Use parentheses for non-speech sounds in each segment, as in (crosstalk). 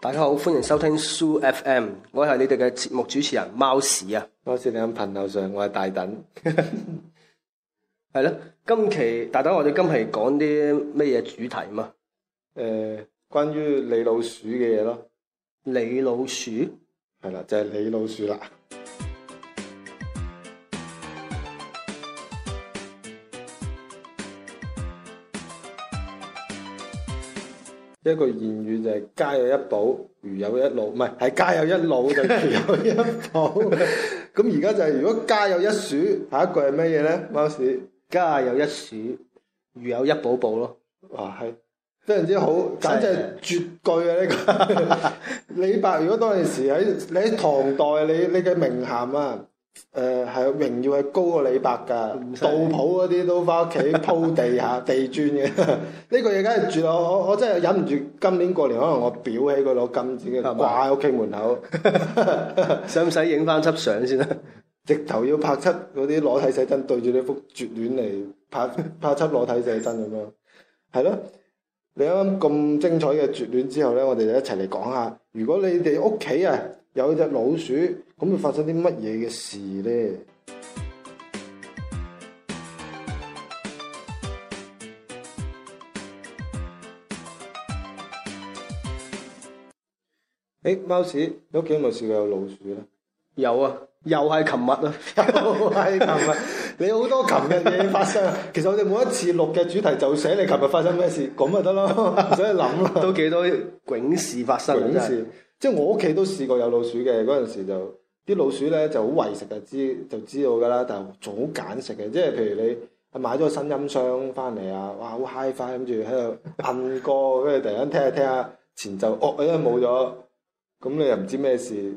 大家好，歡迎收聽 Soo FM，我係你哋嘅節目主持人貓屎啊，我喺你喺頻道上，我係大等，係 (laughs) 咯，今期大等我哋今期講啲咩嘢主題嘛？誒、呃，關於你老鼠嘅嘢咯，你老鼠，係啦，就係、是、你老鼠啦。一個言語就係、是、家有一寶，如有一老，唔係係家有一老就如、是、有一寶」 (laughs) (laughs) 就是。咁而家就係如果家有一鼠，下一句係咩嘢咧？貓屎家有一鼠，如有一寶寶咯。哇，係非常之好，簡直係絕句啊！呢個李白如果當陣時喺你喺唐代，你你嘅名言啊。誒，係榮耀係高過李白噶，杜甫嗰啲都翻屋企鋪地下 (laughs) 地磚嘅，呢、呢個嘢，梗係住我我真係忍唔住，今年過年可能我裱起佢攞金紙嘅掛喺屋企門口，使唔使影翻輯相先啦？ (laughs) 直頭要拍出嗰啲裸體寫真，對住呢幅絕戀嚟，拍拍出裸體寫真咁樣，係咯？ (laughs) 你啱啱咁精彩嘅絕戀之後咧，我哋就一齊嚟講下，如果你哋屋企啊～有一隻老鼠，咁會發生啲乜嘢嘅事咧？誒、欸，貓屎，你屋企有冇試過有老鼠咧？有啊，又係琴日啊，又係琴日，你好多琴日嘢發生。啊。其實我哋每一次錄嘅主題就寫你琴日發生咩事，咁咪得咯，所以諗咯。都幾多囧事發生啊！真事即係我屋企都試過有老鼠嘅，嗰陣時就啲老鼠咧就好為食就知就知道㗎啦，但係仲好揀食嘅，即係譬如你買咗個新音箱翻嚟啊，哇好 Hi-Fi 諗住喺度摁歌，跟住突然間聽下聽下前奏哦，因為冇咗，咁你又唔知咩事，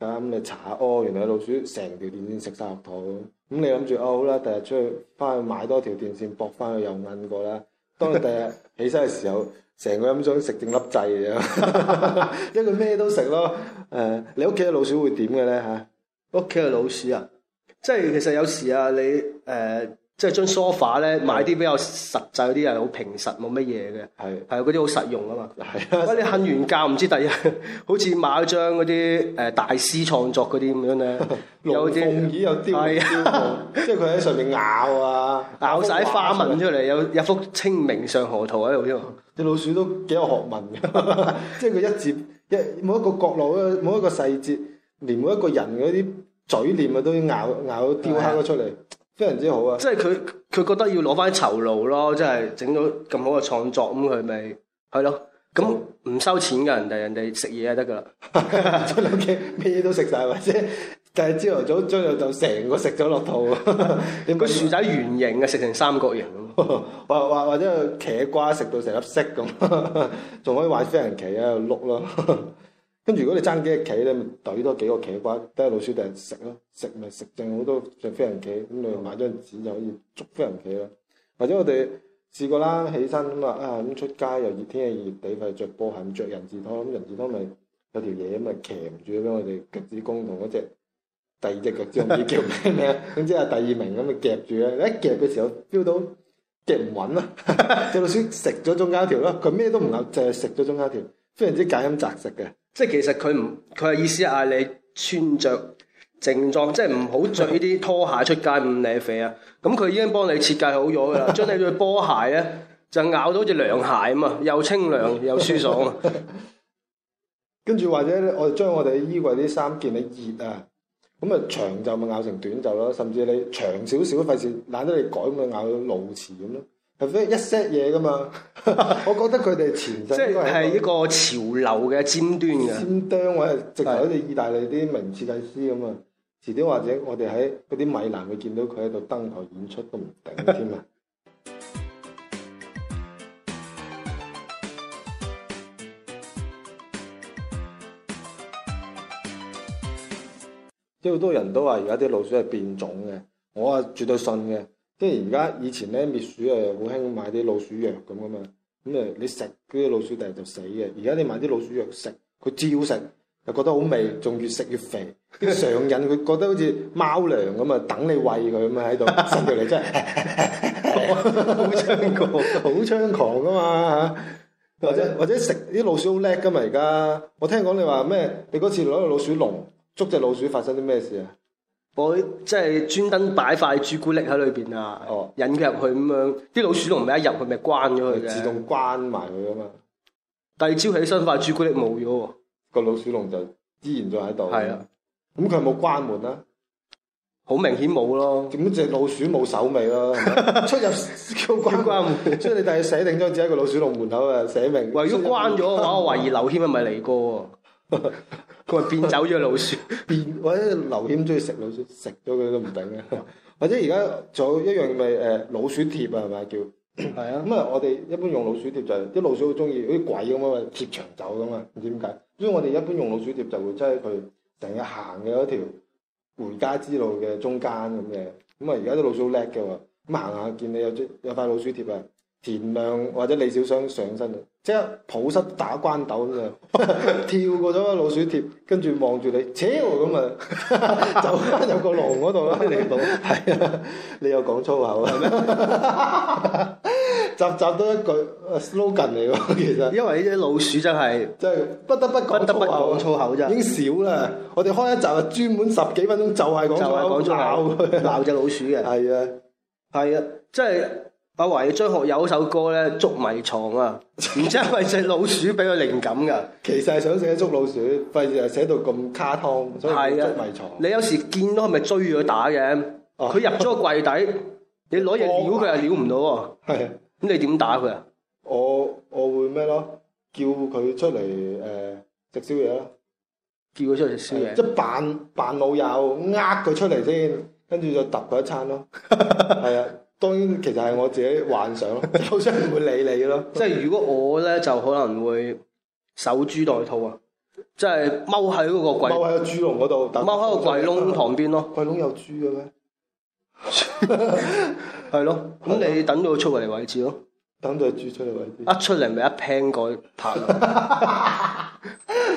咁、啊、你查下哦，原來有老鼠成條電線食曬落肚，咁你諗住哦好啦，第日出去翻去買多條電線駁翻去又摁過啦。 (laughs) 當你第日起身嘅時候，成 (laughs) 個飲鐘食定粒掣嘅樣，因為咩都食咯。誒、呃，你屋企嘅老鼠會點嘅咧？嚇、啊，屋企嘅老鼠啊，即係其實有時啊，你誒。呃即係將 sofa 咧，買啲比較實際啲啊，好平實，冇乜嘢嘅，係係嗰啲好實用啊嘛。不過的你恨完教，唔知第二日，好似買一張嗰啲誒大師創作嗰啲咁樣咧，有啲有雕，的雕雕即係佢喺上面咬啊， (laughs) 咬晒花紋出嚟，有有幅清明上河圖喺度，隻老鼠都幾有學問嘅， (laughs) 即係佢一節一每一個角落，嗰每一個細節，連每一個人嗰啲嘴臉啊，都咬咬雕刻咗出嚟。非常之好啊即！即係佢佢覺得要攞翻啲酬勞咯，即係整到咁好嘅創作，咁佢咪係咯？咁唔收錢噶，人哋人哋食嘢就得噶啦！捉到咩嘢都食晒或者，但係朝頭早追到就成個食咗落肚。個 (laughs) 辦薯仔圓形嘅，食成三角形咁，或或 (laughs) 或者茄瓜食到成粒色咁，仲可以玩飛行棋喺度碌咯。 (laughs) 跟住如果你爭幾隻棋咧，咪懟多，多幾個棋嘅話，等老鼠第日食咯，食咪食剩好多隻飛行棋，咁你買張紙就可以捉飛行棋咯。或者我哋試過啦，起身咁啊，咁出街又熱天氣熱地，咪着波鞋，着人字拖，咁人字拖咪有條嘢咁咪騎唔住畀。我哋腳趾公同嗰隻第二隻腳趾 (laughs) 可可叫咩名？總之係第二名咁咪夾住咧。一夾嘅時候，feel 到夾唔穩啦，隻老鼠食咗中間條咯，佢咩都唔咬， (laughs) 淨係食咗中間條，非常之揀飲擇食嘅。即係其實佢唔，佢係意思嗌你穿着正裝，即係唔好着呢啲拖鞋出， (laughs) 出街唔㗋肥啊！咁佢已經幫你設計好咗噶啦，將你對波鞋咧就咬到好似涼鞋咁啊，又清涼又舒爽。 (laughs) 跟住或者我哋將我哋衣櫃啲衫件，你熱啊，咁啊長袖咪咬成短袖咯，甚至你長少少，費事懶得你改，咪咬到露臍咁咯。除非一 set 嘢噶嘛， (laughs) 我覺得佢哋前 (laughs) 即係一個潮流嘅尖端嘅， (noise) 尖端位直頭好似意大利啲名設計師咁啊！遲啲或者我哋喺嗰啲米蘭會見到佢喺度登台演出都唔定添啊。即係好多人都話而家啲老鼠係變種嘅，我啊絕對信嘅。即係而家以前咧滅鼠誒好興買啲老鼠藥咁噶嘛，咁誒你食嗰啲老鼠第日就死嘅。而家你買啲老鼠藥食，佢照食又覺得好味，仲越食越肥，跟住上癮，佢覺得好似貓糧咁啊，等你餵佢咁啊喺度，信唔信你真係好猖狂，好猖 (laughs) 狂噶嘛，或者 (laughs) 或者食啲老鼠好叻噶嘛而家，我聽講你話咩？你嗰次攞個老鼠籠捉隻老鼠，發生啲咩事啊？我即係專登擺塊朱古力喺裏邊啊，引佢入去咁樣，啲老鼠籠咪一入去咪關咗佢，自動關埋佢啊嘛。第二朝起身塊朱古力冇咗，個老鼠籠就依然仲喺度。係啊，咁佢、嗯、有冇關門啊？好明顯冇咯，點解隻老鼠冇手尾咯？ (laughs) 出入要關關門，即係 (laughs) (laughs) 你第日寫定咗張紙喺個老鼠籠門口啊，寫明。如果關咗嘅話，我懷疑劉謙係咪嚟過？ (laughs) 佢話變走咗老， (laughs) 老鼠，變 (laughs) 或者劉謙中意食老鼠，食咗佢都唔定啊！或者而家仲有一樣咪誒老鼠貼啊，係咪叫？係 (coughs) 是啊，咁啊，我哋一般用老鼠貼就係、是、啲老鼠好中意，好似鬼咁啊，貼牆走咁啊，唔知點解。所以我哋一般用老鼠貼就會即係佢成日行嘅嗰條回家之路嘅中間咁嘅。咁啊，而家啲老鼠好叻嘅喎，咁行下見你有張有塊老鼠貼啊！田亮或者李小雙上身啊，即係抱膝打關鬥咁啊，跳過咗老鼠貼，跟住望住你，扯咁啊，就入個籠嗰度啦，你到，係啊，你又講粗口啊，集集都一句 slogan 嚟㗎，其實，因為呢啲老鼠真係，真係不得不講粗口，不得不講粗口啫，已經少啦。我哋開一集啊，專門十幾分鐘就係講粗口鬧佢，鬧隻老鼠嘅，係啊，係啊，即係。阿華要張學友首歌咧，捉迷藏啊，唔知係咪隻老鼠俾佢靈感噶？ (laughs) 其實係想寫捉老鼠，費事寫到咁卡通，所以係啊，捉迷藏。啊、你有時見到係咪追佢打嘅？佢、啊、入咗個櫃底，啊、你攞嘢撩佢又撩唔到，啊。咁你點打佢啊？我我會咩咯？叫佢出嚟，誒，食宵夜啦！叫佢出嚟食宵夜，即扮扮老友，呃佢出嚟先，跟住就揼佢一餐咯。係啊。當然，其實係我自己幻想咯，有啲人會理你咯。即係如果我咧，就可能會守株待兔啊！即係踎喺嗰個櫃，踎喺個豬籠嗰度等，踎喺個櫃窿旁邊 (laughs) (laughs) 咯。櫃窿有豬嘅咩？係咯，咁你等到佢出嚟位置咯，等到豬出嚟位置，出位置出一出嚟咪一抨佢，拍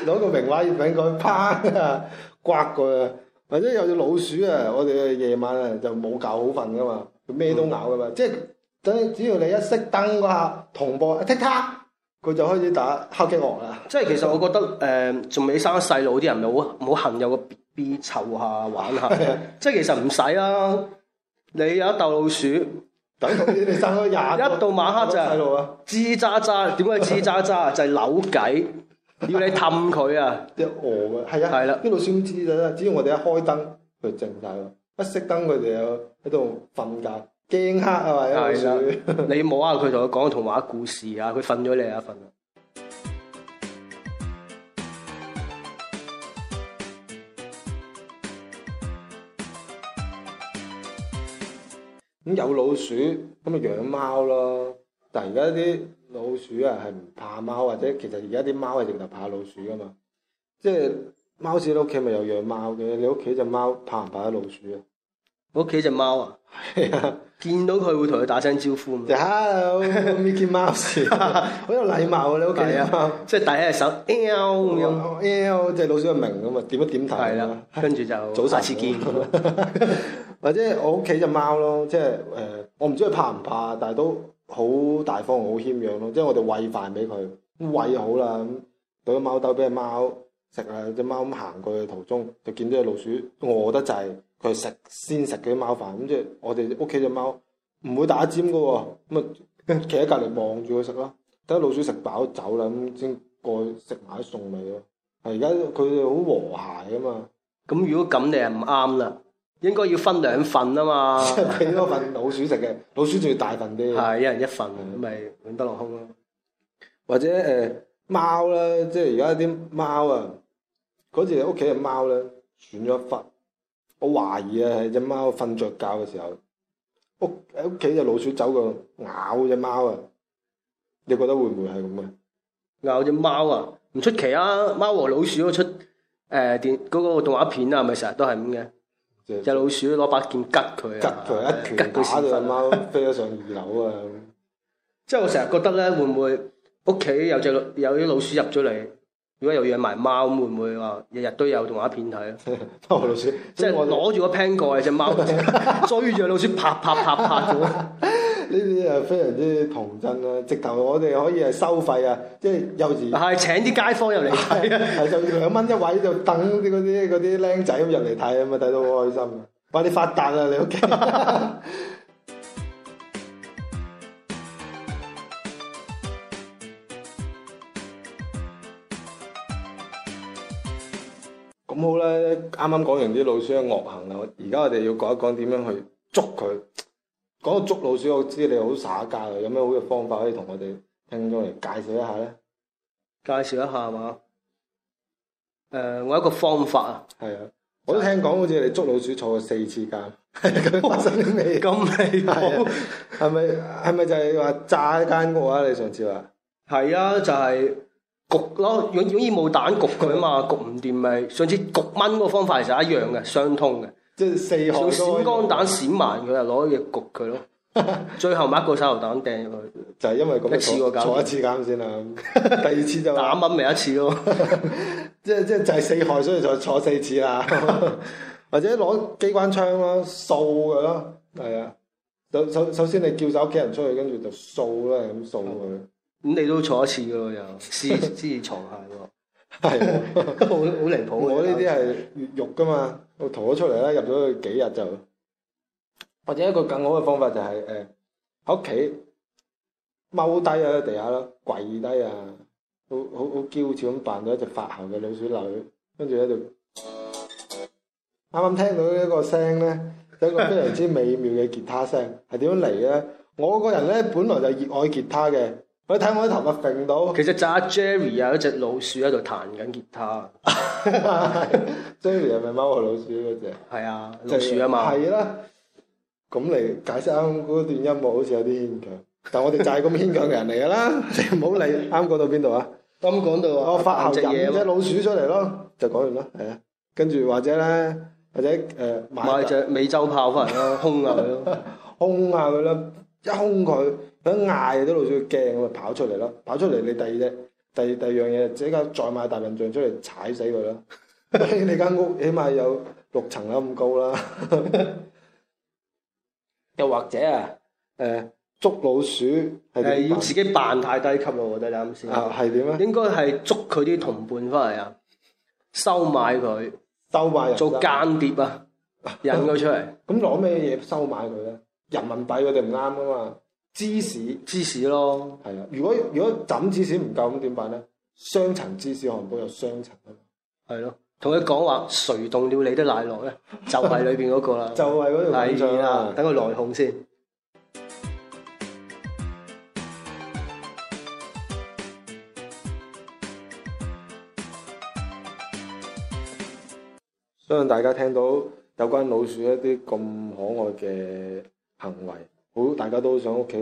攞個名畫片佢抨，刮佢，或者有隻老鼠啊！我哋夜晚啊就冇覺好瞓㗎嘛。咩都咬噶嘛，即係等只要你一熄燈嗰下同步剔卡，佢就開始打敲擊樂啦。即係其實我覺得誒，仲、呃、未生細路啲人，就好唔好恨有個 B B 湊下玩下。即係其實唔使啊，你有一鬥老鼠，等到你哋生咗廿一到晚黑就係細路呀吱喳喳。點解吱喳喳？就係扭計，要你氹佢啊！即係餓啊，係啊，啲老鼠吱喳喳，只要我哋一開燈，佢靜晒咯。不熄燈，佢哋有喺度瞓覺，驚黑啊嘛！的老鼠， (laughs) 你摸下佢同佢講童話故事啊，佢瞓咗你啊瞓。咁 (music) 嗯、有老鼠，咁咪養貓咯。但而家啲老鼠啊，係唔怕貓，或者其實而家啲貓係直頭怕老鼠噶嘛。即係。貓屎，你屋企咪有養貓嘅，你屋企隻貓怕唔怕啲老鼠啊？我屋企隻貓啊， (laughs) 見到佢會同佢打聲招呼嘛。Hello，Mickey Mouse， (laughs) (laughs) 好有禮貌啊！你屋企隻即係第一手，l 咁，喵、哎，隻、哎就是、老鼠就明咁啊，點一點頭啦，跟住就早晒安 次見。 (laughs) 或者我屋企隻貓咯，即係誒，我唔知佢怕唔怕，但係都好大方，就是、好謙讓咯。即係我哋餵飯俾佢，餵好啦，咁袋貓兜俾隻貓。 (laughs) (laughs) 食啊！隻貓咁行過去途中，就見到隻老鼠餓得滯，佢食先食嘅啲貓飯。咁即係我哋屋企隻貓唔會打尖噶、哦，咁啊企喺隔籬望住佢食啦。等老鼠食飽走啦，咁先過食埋啲餸嚟咯。係而家佢哋好和諧噶嘛。咁如果咁你又唔啱啦，應該要分兩份啊嘛。畀 (laughs) 多 (laughs) 份老鼠食嘅，老鼠仲要大份啲。係一人一份，咁咪穩得落空咯。或者誒。呃貓啦，即係而家啲貓啊！嗰次屋企嘅貓咧，損咗一忽。我懷疑啊，係隻貓瞓着覺嘅時候，屋喺屋企隻老鼠走過咬隻貓啊！你覺得會唔會係咁嘅？咬隻貓啊，唔出奇啊！貓和老鼠嗰出誒電嗰個動畫片啊，係咪成日都係咁嘅？即是 隻老鼠攞把劍吉佢、啊，吉佢一吉打到隻貓、啊、 (laughs) 飛咗上二樓啊！即係我成日覺得咧，會唔會？屋企有隻有啲老鼠入咗嚟，如果又養埋貓，會唔會話日日都有動畫片睇咧？ (laughs) 老鼠，即係我攞住個 pen 蓋隻貓追住老鼠，拍拍拍拍。呢啲啊非常之童真啊！直頭我哋可以係收費啊，即係幼稚。係 (laughs) 請啲街坊入嚟睇啊！兩蚊 (laughs) 一位就等啲嗰啲啲僆仔咁入嚟睇，咁咪睇到好開心啊！快啲發達啊，你屋企。咁好啦，啱啱講完啲老鼠嘅惡行啦，而家我哋要講一講點樣去捉佢。講到捉老鼠，我知你好耍家嘅，有咩好嘅方法可以同我哋聽眾嚟介紹一下咧？介紹一下嘛？誒、呃，我一個方法啊。係啊，我都聽講好似你捉老鼠坐過四次監。係佢發生啲咩？咁離譜？係咪、嗯？係咪 (laughs) 就係話炸一間屋啊？你上次話係啊，就係、是。焗咯，用用煙霧彈焗佢啊嘛，焗唔掂咪上次焗蚊嗰個方法就一樣嘅，相通嘅。即係四害，先。閃光彈閃埋佢，又攞嘢焗佢咯。 (laughs) 最後埋一個手榴彈掟入去，就係因為咁錯一次過，坐一次咁先啦。第二次就是、 (laughs) 打蚊咪一次咯，即係即係就係四害，所以就坐四次啦。 (laughs) 或者攞機關槍咯，掃佢咯，係啊。首首先你叫走屋企人出去，跟住就掃啦，咁掃佢。 (laughs) (laughs) 咁你都坐一次嘅喎，又試試坐下喎，係 (laughs) 的，都好好靈譜嘅。我呢啲係越獄㗎嘛， (laughs) 我逃咗出嚟啦，入咗去幾日就。或者一個更好嘅方法就係喺屋企踎低喺地下啦，跪低啊，好好好嬌俏咁扮咗一隻發姣嘅女鼠女，跟住喺度。啱啱聽到個聲一個聲咧，一個非常之美妙嘅吉他聲，係點樣嚟咧？我個人咧，本來就熱愛吉他嘅。佢睇我啲頭髮揈到，其實就阿 Jerry 有一隻老鼠喺度彈緊吉他。Jerry 係咪貓和老鼠嗰隻？係啊，隻鼠啊嘛。係啦，咁嚟解釋啱嗰段音樂好似有啲牽強，但係我哋就係咁牽強嘅人嚟㗎啦。你唔好理啱講到邊度啊？啱講到啊，我發下隻嘢，隻老鼠出嚟咯，就講完啦，係啊。跟住或者咧，或者誒買隻美洲豹翻嚟啦，轟下佢咯，轟下佢咯，一轟佢。想嗌啲老鼠驚咁咪跑出嚟咯！跑出嚟，你第二隻、第二第二樣嘢，即刻再買大笨象出嚟踩死佢啦！你間屋起碼有六層咁高啦。又或者啊，誒捉老鼠係要自己扮太低級啦，我覺得你啱先啊，係點啊？應該係捉佢啲同伴翻嚟啊，收買佢，收買人做間諜啊，引佢出嚟。咁攞咩嘢收買佢咧？人民幣佢哋唔啱噶嘛？芝士，芝士咯，係啊！如果如果枕芝士唔夠咁點辦咧？雙層芝士漢堡有雙層啊！係咯，同佢講話誰動了你的奶酪咧？ (laughs) 就係裏邊嗰個啦， (laughs) 就係嗰條老鼠啦，等佢內訌先。相信大家聽到有關老鼠一啲咁可愛嘅行為。好，大家都想屋企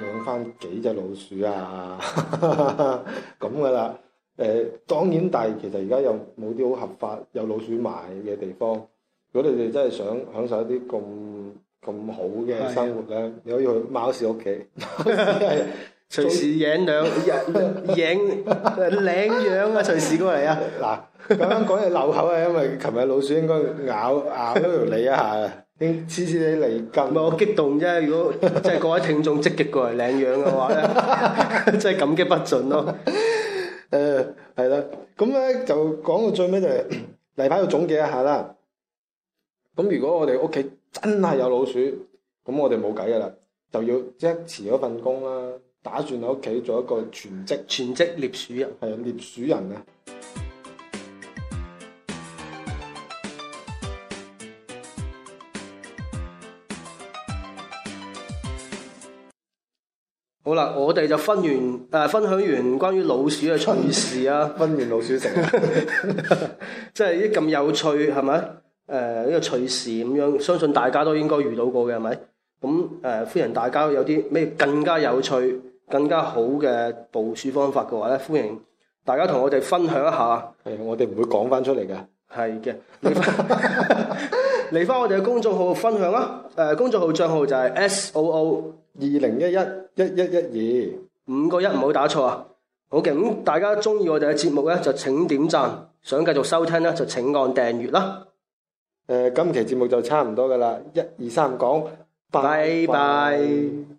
養翻幾隻老鼠啊， (laughs) (laughs) 咁噶啦。誒，當然，但係其實而家有冇啲好合法有老鼠賣嘅地方？如果你哋真係想享受一啲咁咁好嘅生活咧， (laughs) 你可以去貓士屋企， (laughs) 是隨時影兩日，養領養啊，隨時過嚟啊。嗱， (laughs) 咁樣講嘢漏口啊，因為琴日老鼠應該咬咬咗條脷一下啊。 (laughs) 次次你嚟咁，好激動啫。如果即係各位聽眾積極過嚟領養嘅話咧， (laughs) (laughs) 真係感激不盡咯、哦 (laughs) 呃。誒，係啦，咁咧就講到最尾、就是，就嚟例牌要總結一下啦。咁如果我哋屋企真係有老鼠，咁、嗯、我哋冇計噶啦，就要即刻辭咗份工啦，打算喺屋企做一個全職全職獵鼠人，係獵鼠人啊。好啦，我哋就分完，誒、呃、分享完關於老鼠嘅趣事啊！ (laughs) 分完老鼠食，即係啲咁有趣，係咪？誒呢個趣事咁樣，相信大家都應該遇到過嘅，係咪？咁誒、呃、歡迎大家有啲咩更加有趣、更加好嘅捕鼠方法嘅話咧，歡迎大家同我哋分享一下。誒，我哋唔會講翻出嚟嘅。係嘅。 (laughs) (laughs) 嚟返我哋嘅公眾號分享啦，誒、呃、公眾號帳號就係 S O O 二零一一一一一二五個一，唔好打錯啊！好嘅，咁大家中意我哋嘅節目咧，就請點讚；想繼續收聽咧，就請按訂閱啦。誒、呃，今期節目就差唔多㗎喇，一二三講，拜拜。